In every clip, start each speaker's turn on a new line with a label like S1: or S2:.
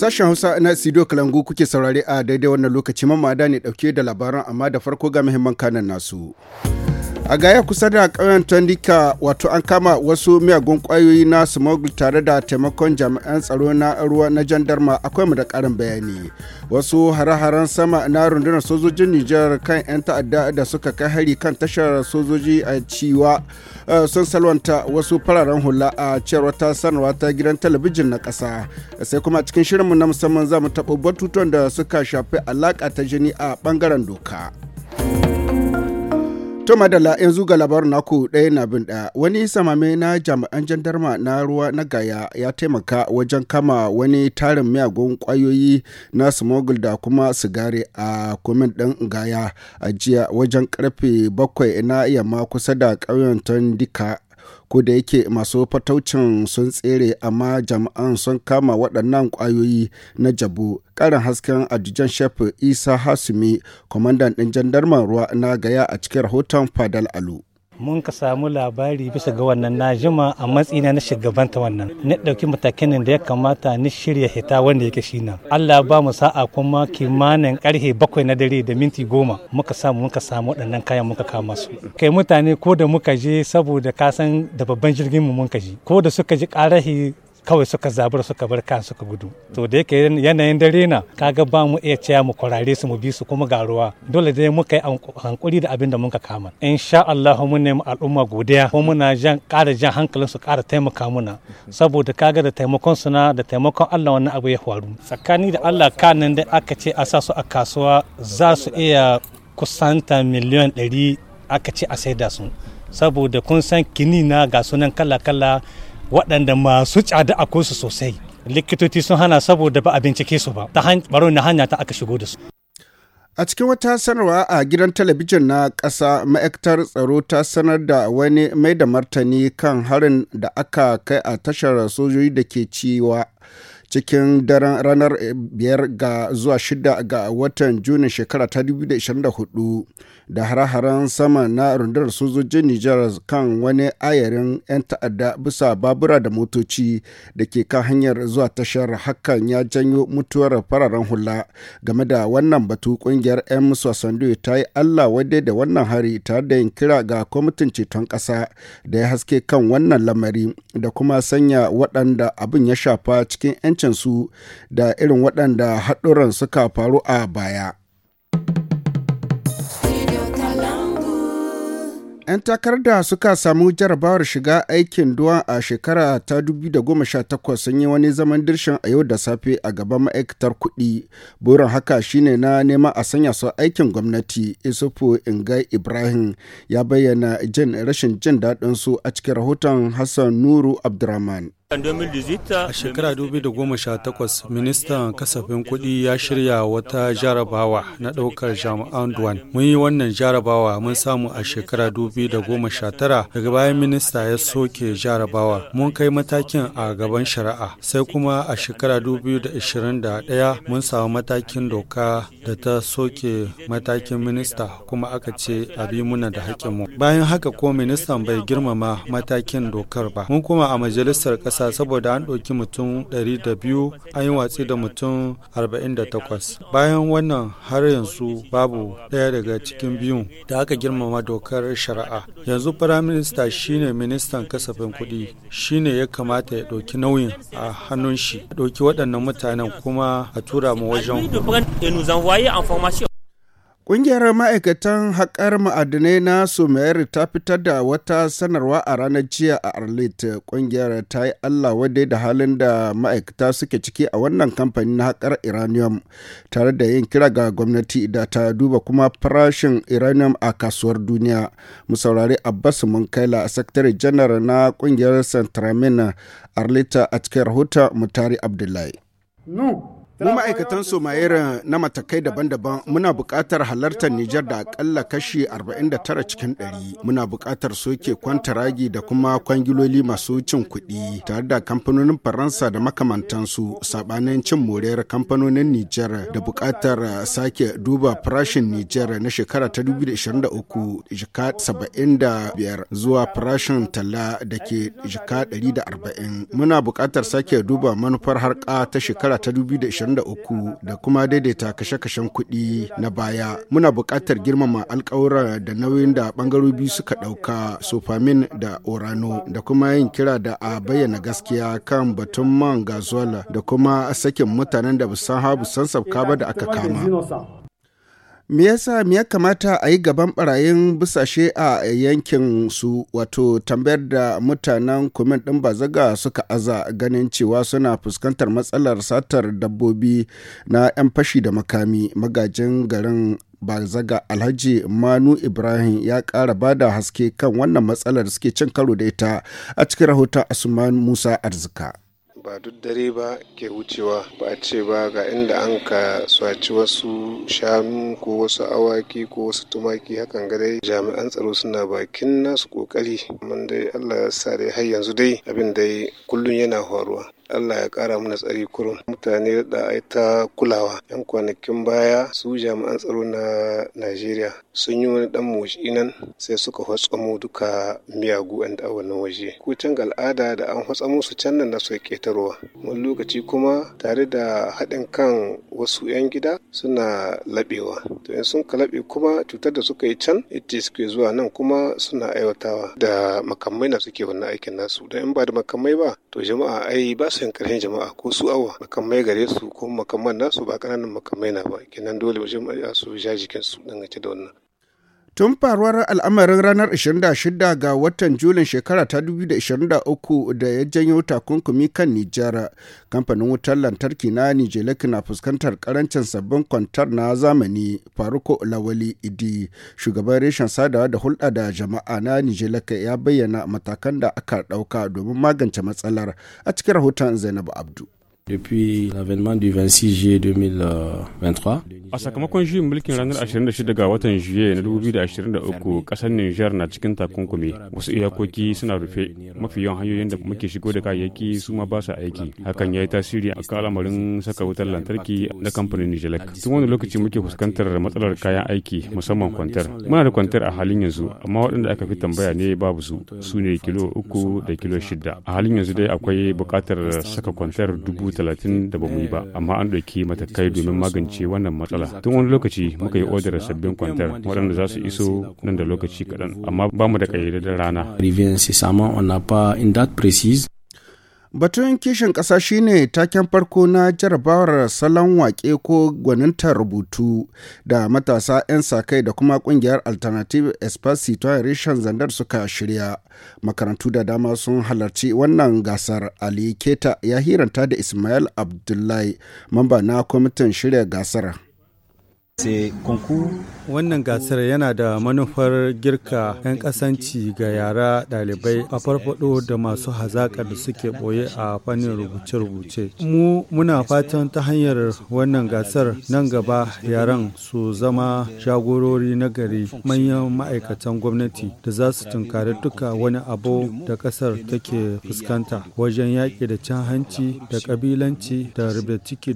S1: Sashen Hausa na Sido Kalangu kuke saurare a daidai wannan lokaci mamada ne dauke da labaran amma da farko ga muhimman kanan nasu. a gaya kusa da ƙauyen tondika wato an kama wasu miyagun ƙwayoyi na smuggle tare da taimakon jami'an tsaro na ruwa na jandarma akwai mu da ƙarin bayani wasu hare-haren sama na rundunar sojojin nijar kan 'yan ta'adda da suka kai hari kan tashar sojoji a ciwa eh, sun salwanta wasu fararen hula a cewar ta sanarwa ta gidan talabijin na ƙasa sai kuma cikin shirinmu na musamman za mu taɓa batutuwan da suka shafi alaƙa ta jini a ɓangaren doka. To madalla yanzu ga labarin naku ɗaya na bin ɗaya wani samame na jami'an jandarma na ruwa na gaya ya taimaka wajen kama wani tarin miyagun kwayoyi na smogul da kuma sigari a kumin ɗin gaya a jiya wajen karfe bakwai na yamma kusa da ƙauyen tondika ko da yake masu fataucin sun tsere amma jama'an sun kama waɗannan ƙwayoyi na jabu ƙarin hasken ajijan shef isa hasumi kwamandan ɗin jandarman ruwa na gaya a cikin rahoton fadal alu
S2: mun ka samu labari bisa ga wannan na jima a matsina na shugabanta wannan na ɗauki matakin da ya kamata ni shirya hita wanda yake shi nan Allah ba mu sa'a kuma kimanin karhe bakwai na dare da minti goma muka samu muka samu waɗannan kayan muka kama su kai mutane ko da muka je saboda kasan da babban jirgin mu muka ji ko da suka ji karahi kawai suka zabura suka bar kan suka gudu to da yake yanayin dare na kaga ba mu iya cewa mu kwarare su mu bi su kuma ga ruwa dole dai muka yi hankuri da abin da muka kama insha Allah mun nemi al'umma godiya kuma muna jan ƙara jan hankalin su ƙara taimaka muna saboda kaga da taimakon su na da taimakon Allah wannan abu ya faru tsakani da Allah kanin da aka ce a sa su a kasuwa za su iya kusanta miliyan 100 aka ce a saida su saboda kun san kini na ga sunan kala-kala waɗanda masu tsada a su sosai likitoci sun hana saboda ba a bincike su ba ta baro na hanya ta aka shigo da su
S1: a cikin wata sanarwa a gidan talabijin na ƙasa ma'aikatar tsaro ta sanar da wani mai da martani kan harin da aka kai a tashar sojoji da ke ciwa cikin daren ranar 5 eh, ga zuwa 6 ga watan Juni shekara ta 2024 da hare-haren sama na rundunar sojojin Nijar kan wani ayarin 'yan ta'adda bisa babura da motoci da ke kan hanyar zuwa tashar hakan ya janyo mutuwar fararen hula game da wannan batu kungiyar 'yan musu ta yi Allah wade da wannan hari tare da yin kira ga kwamitin ceton ƙasa da ya haske kan wannan lamari da kuma sanya waɗanda abin ya shafa cikin yan ingancinsu da irin waɗanda haɗuran suka faru a baya. 'yan takarda suka samu jarabawar shiga aikin duwa a shekara ta 2018 sun yi wani zaman dirshin a yau da safe a gaban ma'aikatar kuɗi burin haka shine na nema a sanya su aikin gwamnati isufu ingai ibrahim ya bayyana jin rashin jin daɗin su a cikin rahoton hassan nuru abdulrahman.
S3: A shekara 2018, ministan kasafin kuɗi ya shirya wata jarabawa na ɗaukar jami'an Duwan. Mun yi wannan jarabawa mun samu a shekara 2019 daga bayan minista ya soke jarabawa. Mun kai matakin a gaban shari'a. Sai kuma a shekara 2021 mun samu matakin doka da ta soke matakin minista kuma aka ce a bi muna da haƙƙinmu. Bayan haka ko ministan bai girmama matakin dokar ba. Mun kuma a majalisar ƙasa kasa saboda an ɗauki mutum 200 an yi watsi da mutum 48 bayan wannan har yanzu babu ɗaya daga cikin biyun da aka girmama dokar shari'a yanzu firaminista shine ministan kasafin kuɗi shine ya kamata ya ɗauki nauyin a hannun shi ɗauki waɗannan mutanen kuma a tura mu wajen
S1: Ƙungiyar ma'aikatan haƙar ma'adinai na Sumayar ta fitar da wata sanarwa a ranar jiya a Arlit. Ƙungiyar ta yi Allah wadai da halin da ma'aikata suke ciki a wannan kamfanin na haƙar Iranium, tare da yin kira ga gwamnati da ta duba kuma farashin Iranium a kasuwar duniya. Mu saurari Abbas Munkaila, Sakatare Janar na Ƙungiyar santramina Arlita a cikin rahoton Mutari Abdullahi. No. Mu ma'aikatan Somayera na matakai daban-daban muna buƙatar halartar Nijar da akalla kashi 49 cikin 100. Muna buƙatar soke kwantaragi da kuma kwangiloli masu cin kuɗi tare da kamfanonin Faransa da makamantansu saɓanin cin moriyar kamfanonin Nijar da buƙatar sake duba farashin Nijar na shekara ta 2023 jika 75 zuwa farashin talla da ke jika 140. Muna buƙatar sake duba manufar harka ta shekara ta 2023 2023 da kuma daidaita kashe-kashen kuɗi na baya. Muna buƙatar girmama alƙawura da nauyin da ɓangarori biyu suka ɗauka sofamin da orano da kuma yin kira da a bayyana gaskiya kan batun man gazuwal da kuma sakin mutanen da busan habu san sabka ba da aka kama. me yasa me ya kamata a yi gaban barayin busashe a yankin su wato tambayar da mutanen kumin ɗin bazaga suka aza ganin cewa suna fuskantar matsalar satar dabbobi na 'yan fashi da makami magajin garin bazaga alhaji manu ibrahim ya ƙara ba da haske kan wannan matsalar suke cin karo da ita a cikin rahoton asuman musa arzika
S4: ba duk dare ba ke wucewa ba a ce ba ga inda an ka swaci wasu shanu ko wasu awaki ko wasu tumaki hakan ga dai jami'an tsaro suna bakin nasu kokari amma dai Allah ya sa dai har yanzu dai abin dai kullum yana faruwa Allah ya kara mana tsari kurum mutane da ai ta kulawa yan kwanakin baya su jami'an tsaro na Najeriya sun yi wani dan moshi nan sai suka mu duka miyagu an da wannan waje ko can al'ada da an hatsamo su can nan na su ketarwa Mun lokaci kuma tare da haɗin kan wasu yan gida suna labewa to in sun labe kuma cutar da suka yi can ita suke zuwa nan kuma suna aiwatawa da makamai na suke wannan aikin nasu da in ba da makamai ba to jama'a ai ba su sayan karshen jama'a ko su awa makamai gare su ko makamman nasu ba kananan makamai na ba kenan dole mu je su ja jikin su dangance da wannan
S1: Tun faruwar al'amarin ranar 26 ga watan Julin shekara ta 2023 da ya janyo takunkumi kan Nijar, kamfanin wutar lantarki na Nijelek na fuskantar karancin sabbin kwantar na zamani Faruko Lawali Idi, shugaban reshen sadawa da hulɗa da jama'a na Nijelek ya bayyana matakan da aka ɗauka domin magance matsalar a cikin rahoton Zainab Abdu.
S3: depuis l'avènement du 26 juillet 2023. A sakamakon juyin mulkin ranar
S1: 26 ga watan juye na 2023 kasar Nijar na cikin takunkumi wasu iyakoki suna rufe mafi yawan hanyoyin da muke shigo da kayayyaki su ma ba su aiki hakan ya yi tasiri a kan al'amarin saka wutar lantarki na kamfanin Nijalak. Tun wani lokaci muke fuskantar matsalar kayan aiki musamman kwantar. Muna da kwantar a halin yanzu amma waɗanda aka fi tambaya ne babu su su ne kilo uku da kilo shida. A halin yanzu dai akwai buƙatar saka kwantar dubu talatin da ba mu yi ba eh, amma an ɗauki matakai domin magance wannan matsala tun wani lokaci muka yi odar sabbin kwantar waɗanda za su iso nan da lokaci kaɗan
S3: amma ba mu da da rana.
S1: Batun kishin ƙasa shine taken farko na jarabawar salon waƙe ko gwaninta rubutu da matasa 'yan sakai kai da kuma ƙungiyar Alternative Espacito Rishan Zandar suka shirya. Makarantu da dama sun halarci wannan gasar Ali Keta ya hiranta da Ismail Abdullahi, mamba na kwamitin shirya gasar.
S3: Wannan gasar yana da manufar girka 'yan kasanci ga yara ɗalibai a farfado da masu hazaƙa da suke ɓoye a fannin rubuce-rubuce. Mu muna fatan ta hanyar wannan gasar nan gaba yaran su zama jagorori na gari manyan ma'aikatan gwamnati da za su tunkari duka wani abu da ƙasar take fuskanta wajen yaƙi da cin hanci da ƙabilanci da da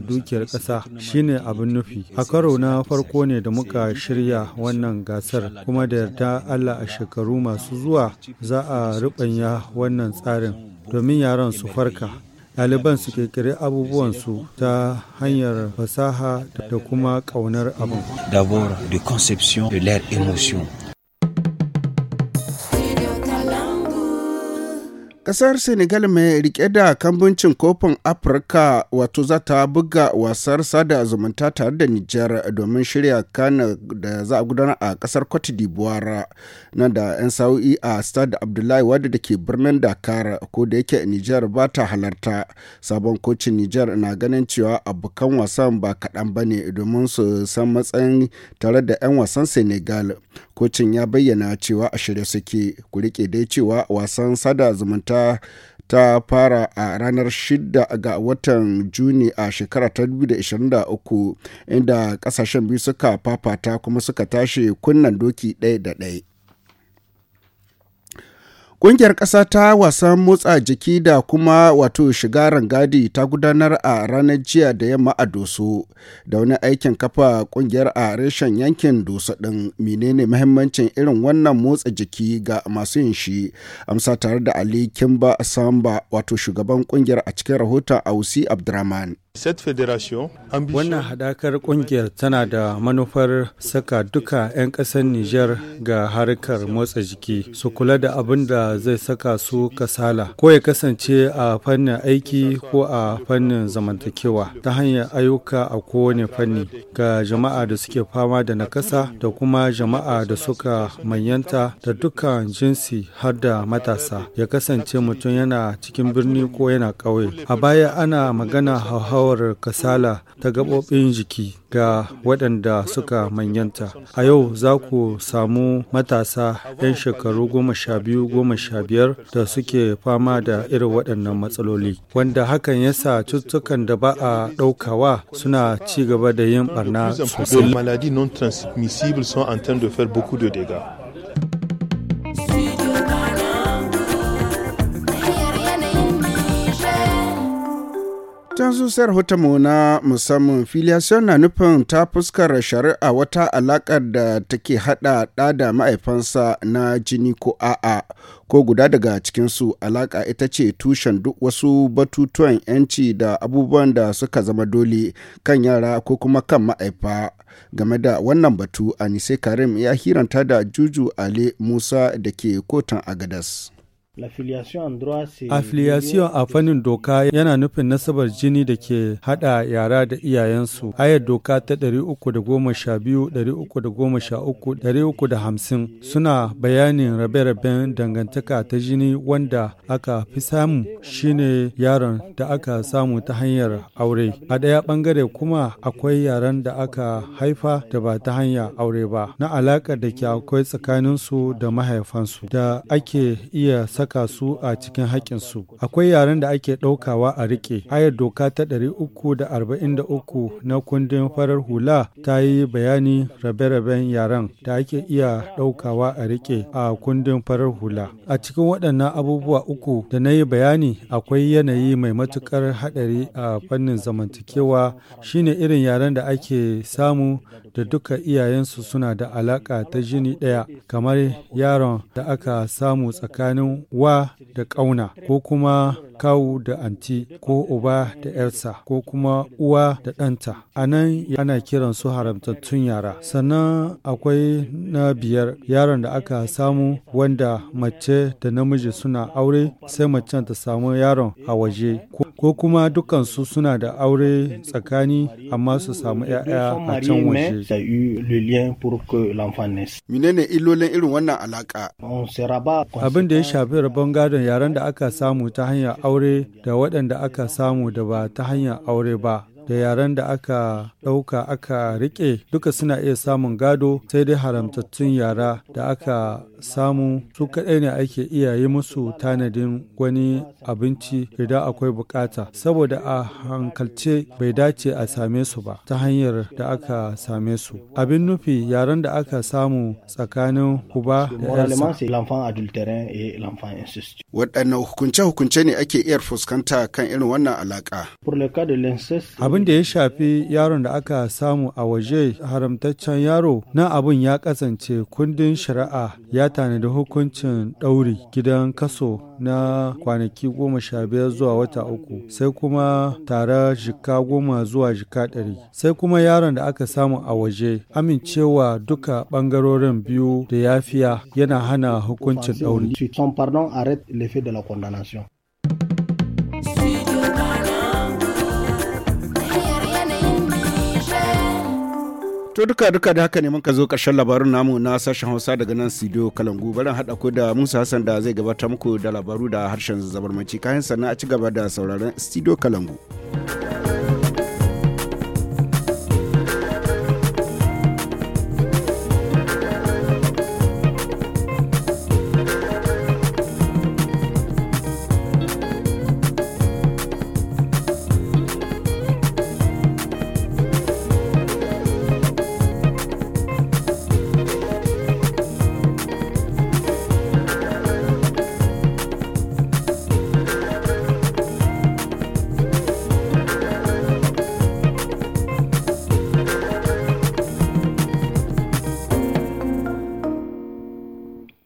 S3: dukiyar ƙasa shine abin nufi. A karo na farko ne da muka shirya wannan gasar kuma da yarda Allah a shekaru masu zuwa za a rubanya wannan tsarin domin yaran su farka. Ɗaliban su ƙirƙiri abubuwansu ta hanyar fasaha da kuma ƙaunar abin. de conception de
S1: Ƙasar Senegal mai rike da kambuncin kofin Afirka wato za ta buga wasar sada zumunta tare da Nijar domin shirya kana da za a gudanar a ƙasar Cote d'Ivoire nan da 'yan sa'o'i a Stade Abdullahi wadda da ke birnin Dakar ko da yake Nijar ba ta halarta. Sabon kocin Nijar na ganin cewa abokan wasan ba kaɗan ba ne domin su san matsayin tare da 'yan wasan Senegal. kocin ya bayyana cewa a shirye suke ku rike dai cewa wasan sada zumunta ta fara a ranar 6 ga watan juni a shekara ta 2023 inda kasashen biyu suka fafata kuma suka tashi kunnan doki ɗaya da ɗaya Ƙungiyar ƙasa ta wasan motsa jiki da kuma wato shiga rangadi ta gudanar a ranar jiya da yamma a Doso da wani aikin kafa ƙungiyar a reshen yankin Doso ɗin menene mahimmancin irin wannan motsa jiki ga masu yin shi amsa tare da Ali Kimba Samba wato shugaban ƙungiyar a cikin rahoton Ausi Abdurrahman.
S3: Wannan haɗakar ƙungiyar tana da manufar saka duka 'yan ƙasar Nijar ga harkar motsa jiki su kula da abin da zai saka su kasala ko ya kasance a fannin aiki ko a fannin zamantakewa ta hanyar ayyuka a kowane fanni ga jama'a da suke fama da nakasa da kuma jama'a da suka manyanta da dukkan jinsi har da matasa ya kasance mutum yana cikin birni ko yana ƙauye. A baya ana magana hauhau sha'awar kasala ta gaɓoɓin jiki ga waɗanda suka manyanta. A yau za ku samu matasa 'yan shekaru goma sha biyu goma sha biyar da suke fama da irin waɗannan matsaloli, wanda hakan ya sa cututtukan da ba a ɗaukawa suna ci gaba da yin ɓarna
S1: sosai. cikin susar mu na musamman sai na nufin ta fuskar shari'a wata alaƙar da take haɗa ɗa da ma'aifansa na jini ko a'a ko guda daga cikinsu alaƙa ita ce tushen duk wasu batutuwan 'yanci da abubuwan da suka zama dole kan yara ko kuma kan ma'aifa game da wannan batu anise karim ya hiranta da juju ali musa da ke kotun agadas.
S3: Affiliation a fannin doka yana nufin nasabar jini da ke hada yara da iyayensu. Ayar doka ta 312, 313, 350 suna bayanin rabe-raben dangantaka ta jini wanda aka fi samu shine yaron da aka samu ta hanyar aure. A ɗaya ɓangare kuma akwai yaran da aka haifa da ba ta hanyar aure ba, na alaƙar da ke akwai tsakaninsu da mahaifansu da ake iya saka saka su a cikin haƙƙinsu. Akwai yaren da ake ɗaukawa a riƙe. Ayar doka ta 343 na kundin farar hula ta yi bayani rabe-raben yaren da ake iya ɗaukawa a riƙe a kundin farar hula. A cikin waɗannan abubuwa uku da na yi bayani akwai yanayi mai matuƙar haɗari a fannin zamantakewa shine irin yaren da ake samu da duka iyayensu suna da alaƙa ta jini ɗaya kamar yaron da aka samu tsakanin wa da ƙauna ko kuma kawu da anti ko uba da yarsa ko kuma uwa da ɗanta a nan ana kiran su haramtattun yara sannan akwai na biyar yaron da aka samu wanda mace da namiji suna aure sai mace ta samu yaron a waje ko ko kuma dukansu suna da aure tsakani amma su samu 'ya'ya a can waje.
S1: Menene illolin irin wannan alaka?
S3: Abin da ya shafi rabon gadon yaren da aka samu ta hanyar aure da waɗanda aka samu da ba ta hanyar aure ba. da yaren da aka ɗauka aka riƙe duka suna iya samun gado sai dai haramtattun yara da aka samu su kaɗai ne ake iya yi musu tanadin wani abinci idan akwai bukata saboda a hankalce bai dace a same su ba ta hanyar da aka same su abin nufi yaren da aka samu tsakanin kuba da
S1: waɗannan hukunce-hukunce ne ake iya fuskanta kan irin wannan alaƙa
S3: abin da ya shafi yaron da aka samu a waje haramtaccen yaro na abin ya kasance kundin shari'a ya tanadi hukuncin ɗauri gidan kaso na kwanaki goma sha biyar zuwa wata uku sai kuma tara jika goma zuwa jika ɗari sai kuma yaron da aka samu a waje amincewa duka ɓangarorin biyu da yafiya yana hana hukuncin ɗauri.
S2: pardon de la condamnation.
S1: To duka duka da haka ne muka zo karshen labarun namu na sashen Hausa daga nan Sidiyo Kalangu. Barin haɗa ko da Musa Hassan da zai gabata muku da labaru da harshen zabarmanci kayan sannan a ci gaba da sauraron studio Kalangu.